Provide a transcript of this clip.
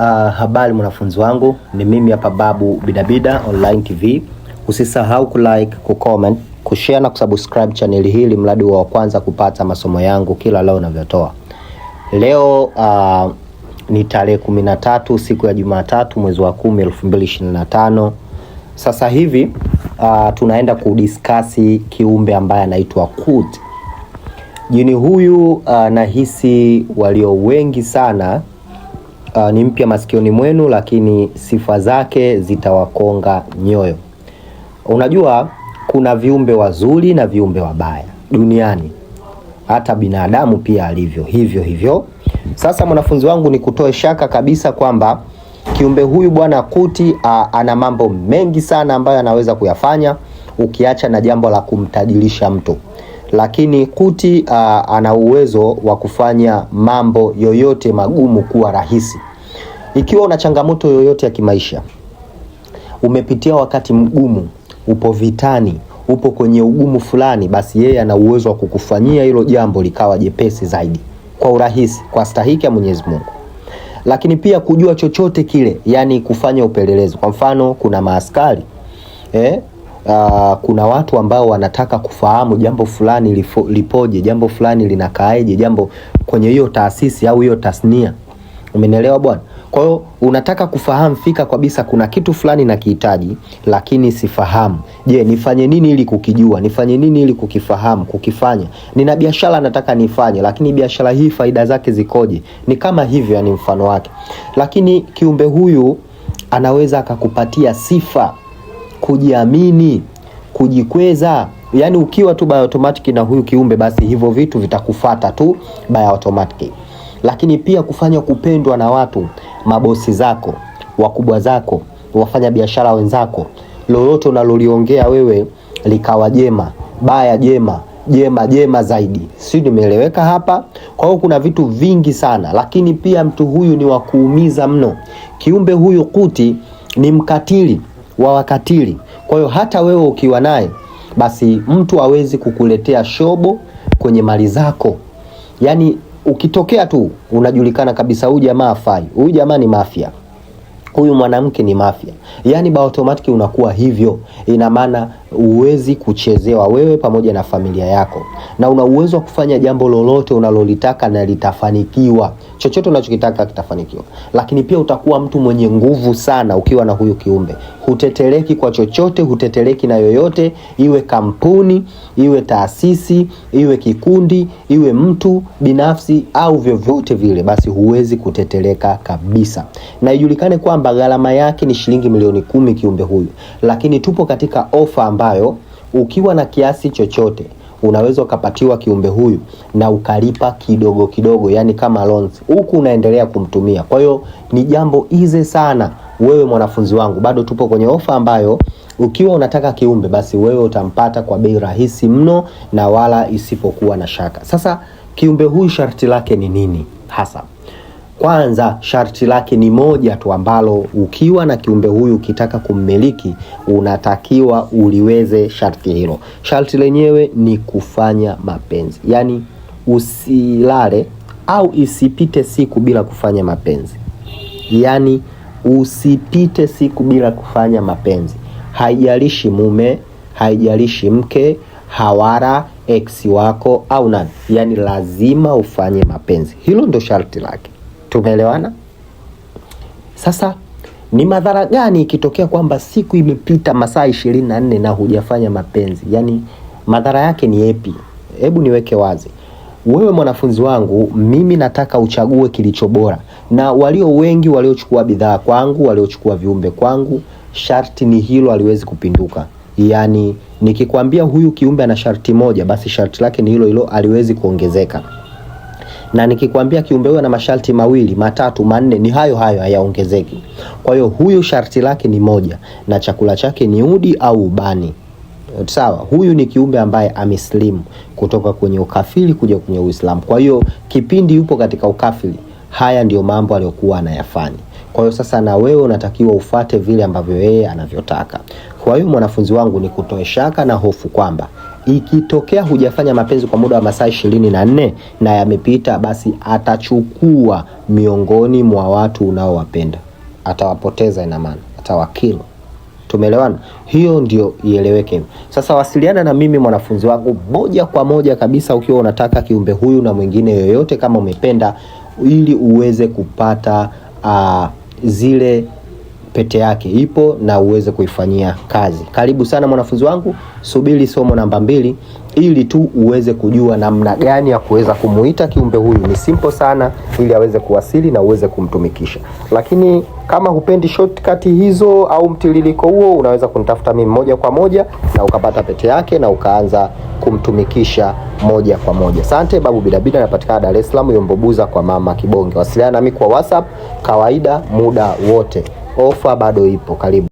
Uh, habari mwanafunzi wangu, ni mimi hapa Babu Bidabida Online TV. Usisahau ku like, kulike, kucomment, kushare na kusubscribe channel hili, mradi wa kwanza kupata masomo yangu kila leo ninavyotoa. Leo uh, ni tarehe 13 siku ya Jumatatu mwezi wa 10 2025. Sasa hivi uh, tunaenda kudiskasi kiumbe ambaye anaitwa Qut. Jini huyu uh, nahisi walio wengi sana uh, ni mpya masikioni mwenu, lakini sifa zake zitawakonga nyoyo. Unajua kuna viumbe wazuri na viumbe wabaya duniani, hata binadamu pia alivyo hivyo hivyo. Sasa mwanafunzi wangu, ni kutoe shaka kabisa kwamba kiumbe huyu bwana kuti a, ah, ana mambo mengi sana ambayo anaweza kuyafanya ukiacha na jambo la kumtajirisha mtu, lakini kuti a, ah, ana uwezo wa kufanya mambo yoyote magumu kuwa rahisi. Ikiwa una changamoto yoyote ya kimaisha, umepitia wakati mgumu, upo vitani, upo kwenye ugumu fulani, basi yeye ana uwezo wa kukufanyia hilo jambo likawa jepesi zaidi kwa urahisi, kwa stahiki ya Mwenyezi Mungu. Lakini pia kujua chochote kile, yani kufanya upelelezi. Kwa mfano, kuna maaskari eh, Uh, kuna watu ambao wanataka kufahamu jambo fulani lifo, lipoje, jambo fulani linakaaje, jambo kwenye hiyo taasisi au hiyo tasnia, umenielewa bwana? Kwa hiyo unataka kufahamu fika kabisa, kuna kitu fulani na kihitaji lakini sifahamu. Je, nifanye nini ili kukijua? Nifanye nini ili kukifahamu, kukifanya? Nina biashara nataka nifanye, lakini biashara hii faida zake zikoje? Ni kama hivyo, yani mfano wake. Lakini kiumbe huyu anaweza akakupatia sifa, kujiamini, kujikweza Yaani ukiwa tu by automatic na huyu kiumbe basi hivyo vitu vitakufata tu by automatic lakini pia kufanya kupendwa na watu, mabosi zako, wakubwa zako, wafanya biashara wenzako. Lolote unaloliongea wewe likawa jema, baya jema jema jema zaidi, si nimeeleweka hapa? Kwa hiyo kuna vitu vingi sana, lakini pia mtu huyu ni wa kuumiza mno. Kiumbe huyu kuti ni mkatili wa wakatili. Kwa hiyo hata wewe ukiwa naye, basi mtu hawezi kukuletea shobo kwenye mali zako, yaani ukitokea tu unajulikana kabisa, huyu jamaa afai, huyu jamaa ni mafia, huyu mwanamke ni mafia, yani ba automatic unakuwa hivyo. Ina maana huwezi kuchezewa wewe pamoja na familia yako, na una uwezo wa kufanya jambo lolote unalolitaka na litafanikiwa. Chochote unachokitaka kitafanikiwa, lakini pia utakuwa mtu mwenye nguvu sana ukiwa na huyu kiumbe. Hutetereki kwa chochote, hutetereki na yoyote, iwe kampuni, iwe taasisi, iwe kikundi, iwe mtu binafsi au vyovyote vile, basi huwezi kutetereka kabisa. Na ijulikane kwamba gharama yake ni shilingi milioni kumi kiumbe huyu, lakini tupo katika ofa ambayo ukiwa na kiasi chochote unaweza ukapatiwa kiumbe huyu na ukalipa kidogo kidogo, yani kama loans, huku unaendelea kumtumia. Kwa hiyo ni jambo ize sana. Wewe mwanafunzi wangu, bado tupo kwenye ofa ambayo ukiwa unataka kiumbe basi wewe utampata kwa bei rahisi mno na wala isipokuwa na shaka. Sasa kiumbe huyu sharti lake ni nini hasa? Kwanza sharti lake ni moja tu ambalo ukiwa na kiumbe huyu ukitaka kummiliki unatakiwa uliweze sharti hilo. Sharti lenyewe ni kufanya mapenzi, yaani usilale au isipite siku bila kufanya mapenzi, yaani usipite siku bila kufanya mapenzi. Haijalishi mume, haijalishi mke, hawara ex wako au nani, yaani lazima ufanye mapenzi. Hilo ndo sharti lake. Tumeelewana? Sasa ni madhara gani ikitokea kwamba siku imepita masaa ishirini na nne na hujafanya mapenzi? Yaani madhara yake ni epi? Hebu niweke wazi. Wewe mwanafunzi wangu, mimi nataka uchague kilicho bora, na walio wengi waliochukua bidhaa kwangu, waliochukua viumbe kwangu, sharti ni hilo, aliwezi kupinduka. Yaani nikikwambia huyu kiumbe ana sharti moja, basi sharti lake ni hilo hilo, aliwezi kuongezeka na nikikwambia kiumbe huyo na masharti mawili matatu manne, ni hayo hayo, hayaongezeki. Kwa hiyo huyu sharti lake ni moja na chakula chake ni udi au ubani. Sawa, huyu ni kiumbe ambaye amesilimu kutoka kwenye ukafiri kuja kwenye Uislamu. Kwa hiyo kipindi yupo katika ukafiri, haya ndiyo mambo aliyokuwa anayafanya. Kwa hiyo sasa, na wewe unatakiwa ufate vile ambavyo yeye anavyotaka. Kwa hiyo mwanafunzi wangu, ni kutoe shaka na hofu kwamba ikitokea hujafanya mapenzi kwa muda wa masaa ishirini na nne na yamepita, basi atachukua miongoni mwa watu unaowapenda, atawapoteza, ina maana atawakilo. Tumeelewana, hiyo ndio ieleweke. Sasa wasiliana na mimi mwanafunzi wangu moja kwa moja kabisa, ukiwa unataka kiumbe huyu na mwingine yoyote, kama umependa, ili uweze kupata uh, zile pete yake ipo na uweze kuifanyia kazi. Karibu sana mwanafunzi wangu, subiri somo namba mbili ili tu uweze kujua namna gani ya kuweza kumuita kiumbe huyu. Ni simple sana, ili aweze kuwasili na uweze kumtumikisha. Lakini kama hupendi shortcut hizo au mtiririko huo, unaweza kunitafuta mimi moja kwa moja na ukapata pete yake na ukaanza kumtumikisha moja kwa moja. Asante babu Bidabida, napatikana Dar es Salaam Yombobuza kwa mama Kibonge. Wasiliana nami kwa WhatsApp kawaida muda wote ofa bado ipo, karibu.